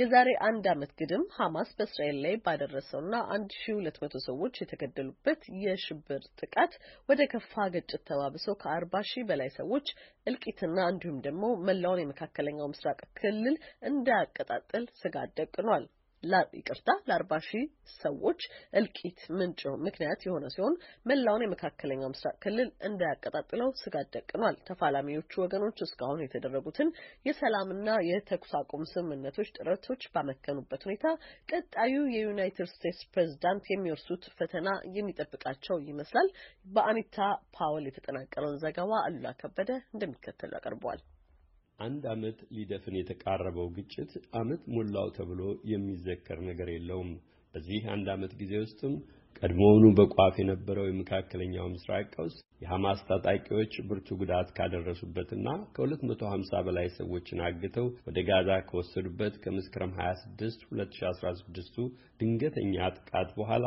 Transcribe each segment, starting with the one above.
የዛሬ አንድ ዓመት ግድም ሐማስ በእስራኤል ላይ ባደረሰውና አንድ ሺ ሁለት መቶ ሰዎች የተገደሉበት የሽብር ጥቃት ወደ ከፋ ግጭት ተባብሶ ከአርባ ሺህ በላይ ሰዎች እልቂትና እንዲሁም ደግሞ መላውን የመካከለኛው ምስራቅ ክልል እንዳያቀጣጥል ስጋት ደቅኗል። ይቅርታ ለአርባ ሺህ ሰዎች እልቂት ምንጭ ምክንያት የሆነ ሲሆን መላውን የመካከለኛው ምስራቅ ክልል እንዳያቀጣጥለው ስጋት ደቅኗል። ተፋላሚዎቹ ወገኖች እስካሁን የተደረጉትን የሰላምና የተኩስ አቁም ስምምነቶች ጥረቶች ባመከኑበት ሁኔታ ቀጣዩ የዩናይትድ ስቴትስ ፕሬዝዳንት የሚወርሱት ፈተና የሚጠብቃቸው ይመስላል። በአኒታ ፓወል የተጠናቀረውን ዘገባ አሉላ ከበደ እንደሚከተሉ ያቀርበዋል። አንድ ዓመት ሊደፍን የተቃረበው ግጭት ዓመት ሞላው ተብሎ የሚዘከር ነገር የለውም። በዚህ አንድ ዓመት ጊዜ ውስጥም ቀድሞውኑ በቋፍ የነበረው የመካከለኛው ምስራቅ ቀውስ የሐማስ ታጣቂዎች ብርቱ ጉዳት ካደረሱበትና ከ250 በላይ ሰዎችን አግተው ወደ ጋዛ ከወሰዱበት ከመስከረም 26 2016ቱ ድንገተኛ ጥቃት በኋላ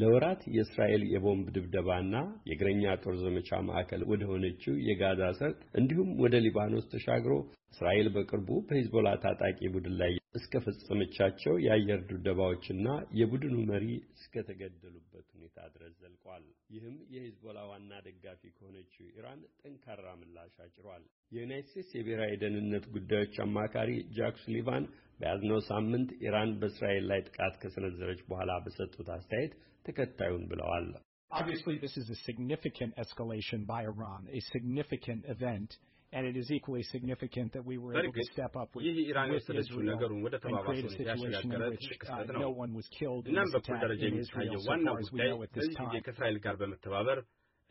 ለወራት የእስራኤል የቦምብ ድብደባና የእግረኛ ጦር ዘመቻ ማዕከል ወደ ሆነችው የጋዛ ሰርጥ እንዲሁም ወደ ሊባኖስ ተሻግሮ እስራኤል በቅርቡ በሂዝቦላ ታጣቂ ቡድን ላይ እስከ ፈጸመቻቸው የአየር ድብደባዎችና የቡድኑ መሪ እስከተገደሉበት ሁኔታ ድረስ ዘልቋል። ይህም የሂዝቦላ ዋና ደጋፊ ከሆነችው ኢራን ጠንካራ ምላሽ አጭሯል። የዩናይትድ ስቴትስ የብሔራዊ ደህንነት ጉዳዮች አማካሪ ጃክ ሱሊቫን በያዝነው ሳምንት ኢራን በእስራኤል ላይ ጥቃት ከሰነዘረች በኋላ በሰጡት አስተያየት ተከታዩን ብለዋል። Obviously, this is a significant escalation by Iran, a significant event. ይህ ኢራን የወሰደችው ነገሩን ወደ ተባባሱ ያሸጋገረ ትልቅ ክስተት uh, ነው። እናም በኩል ደረጃ የሚታየው ዋናው ጉዳይ በዚህ ጊዜ ከእስራኤል ጋር በመተባበር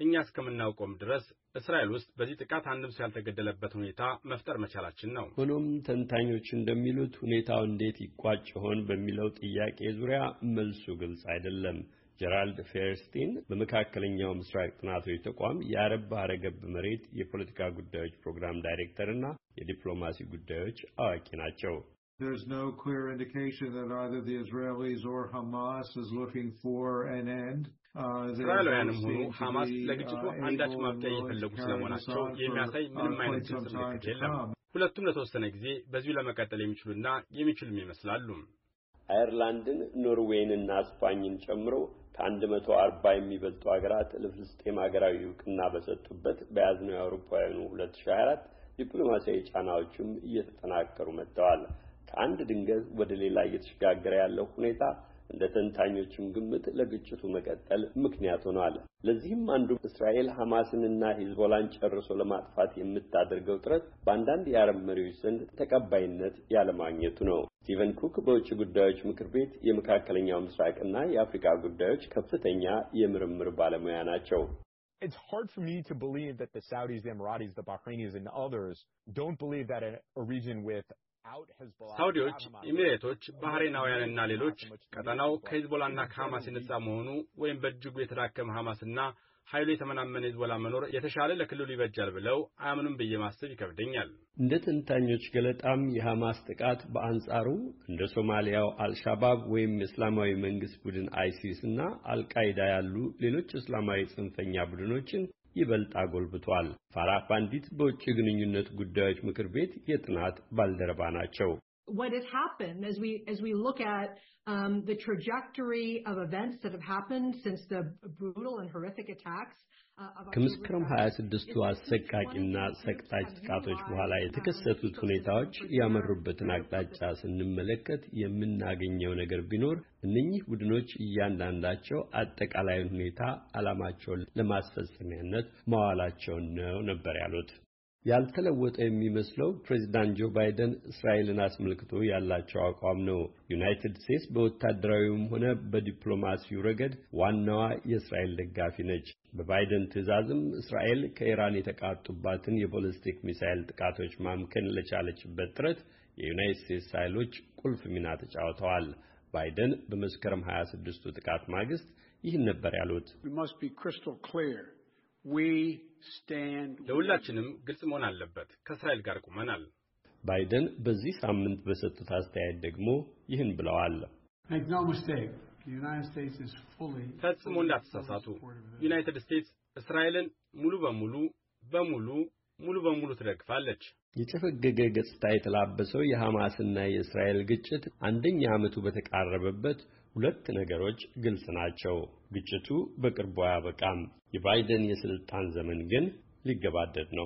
እኛ እስከምናውቀውም ድረስ እስራኤል ውስጥ በዚህ ጥቃት አንድም ሰው ያልተገደለበት ሁኔታ መፍጠር መቻላችን ነው። ሆኖም ተንታኞች እንደሚሉት ሁኔታው እንዴት ይቋጭ ይሆን በሚለው ጥያቄ ዙሪያ መልሱ ግልጽ አይደለም። ጀራልድ ፌርስቲን በመካከለኛው ምስራቅ ጥናቶች ተቋም የአረብ ባህረ ገብ መሬት የፖለቲካ ጉዳዮች ፕሮግራም ዳይሬክተር እና የዲፕሎማሲ ጉዳዮች አዋቂ ናቸው። There's no clear indication that either the Israelis or Hamas is looking for an end. እስራኤላውያንም ሆኑ ሐማስ ለግጭቱ uh, አንዳች ማብቂያ የፈለጉ ስለመሆናቸው የሚያሳይ uh, ምንም አይነት ግልጽ ምልክት የለም። ሁለቱም ለተወሰነ ጊዜ በዚሁ ለመቀጠል የሚችሉና የሚችሉም ይመስላሉ። አየርላንድን፣ ኖርዌይንና ስፓኝን ጨምሮ ከአንድ መቶ አርባ የሚበልጡ ሀገራት ለፍልስጤም ሀገራዊ እውቅና በሰጡበት በያዝነው የአውሮፓውያኑ 2024 ዲፕሎማሲያዊ ጫናዎችም እየተጠናከሩ መጥተዋል። ከአንድ ድንገት ወደ ሌላ እየተሸጋገረ ያለው ሁኔታ እንደ ተንታኞችም ግምት ለግጭቱ መቀጠል ምክንያት ሆኗል። ለዚህም አንዱ እስራኤል ሐማስንና ሂዝቦላን ጨርሶ ለማጥፋት የምታደርገው ጥረት በአንዳንድ የአረብ መሪዎች ዘንድ ተቀባይነት ያለማግኘቱ ነው። ስቲቨን ኩክ በውጭ ጉዳዮች ምክር ቤት የመካከለኛው ምስራቅና የአፍሪካ ጉዳዮች ከፍተኛ የምርምር ባለሙያ ናቸው። It's hard for me to believe that the Saudis, the Emiratis, the Bahrainis, and others don't believe that a, a region with ሳውዲዎች፣ ኢሚሬቶች፣ ባህሬናውያንና ሌሎች ቀጠናው ከሂዝቦላና ከሐማስ የነጻ መሆኑ ወይም በእጅጉ የተዳከመ ሐማስና ኃይሉ የተመናመነ ሂዝቦላ መኖር የተሻለ ለክልሉ ይበጃል ብለው አያምኑም ብዬ ማሰብ ይከብደኛል። እንደ ተንታኞች ገለጣም የሐማስ ጥቃት በአንጻሩ እንደ ሶማሊያው አልሻባብ ወይም የእስላማዊ መንግስት ቡድን አይሲስ እና አልቃይዳ ያሉ ሌሎች እስላማዊ ጽንፈኛ ቡድኖችን ይበልጥ አጎልብቷል። ፓንዲት በውጭ ግንኙነት ጉዳዮች ምክር ቤት የጥናት ባልደረባ ናቸው። what has happened as we as we look at um, the trajectory of events that have happened since the brutal and horrific attacks ከመስከረም 26ቱ አሰቃቂና ሰቅጣጭ ጥቃቶች በኋላ የተከሰቱት ሁኔታዎች ያመሩበትን አቅጣጫ ስንመለከት የምናገኘው ነገር ቢኖር እነኚህ ቡድኖች እያንዳንዳቸው አጠቃላዩን ሁኔታ ዓላማቸውን ለማስፈጸሚያነት ማዋላቸውን ነው ነበር ያሉት። ያልተለወጠ የሚመስለው ፕሬዚዳንት ጆ ባይደን እስራኤልን አስመልክቶ ያላቸው አቋም ነው። ዩናይትድ ስቴትስ በወታደራዊም ሆነ በዲፕሎማሲው ረገድ ዋናዋ የእስራኤል ደጋፊ ነች። በባይደን ትዕዛዝም እስራኤል ከኢራን የተቃጡባትን የቦለስቲክ ሚሳይል ጥቃቶች ማምከን ለቻለችበት ጥረት የዩናይትድ ስቴትስ ኃይሎች ቁልፍ ሚና ተጫውተዋል። ባይደን በመስከረም 26ቱ ጥቃት ማግስት ይህን ነበር ያሉት። ለሁላችንም ግልጽ መሆን አለበት። ከእስራኤል ጋር ቁመናል። ባይደን በዚህ ሳምንት በሰጡት አስተያየት ደግሞ ይህን ብለዋል። ፈጽሞ እንዳትሳሳቱ፣ ዩናይትድ ስቴትስ እስራኤልን ሙሉ በሙሉ በሙሉ ሙሉ በሙሉ ትደግፋለች። የጨፈገገ ገጽታ የተላበሰው የሐማስና የእስራኤል ግጭት አንደኛ ዓመቱ በተቃረበበት ሁለት ነገሮች ግልጽ ናቸው። ግጭቱ በቅርቡ አያበቃም። የባይደን የስልጣን ዘመን ግን ሊገባደድ ነው።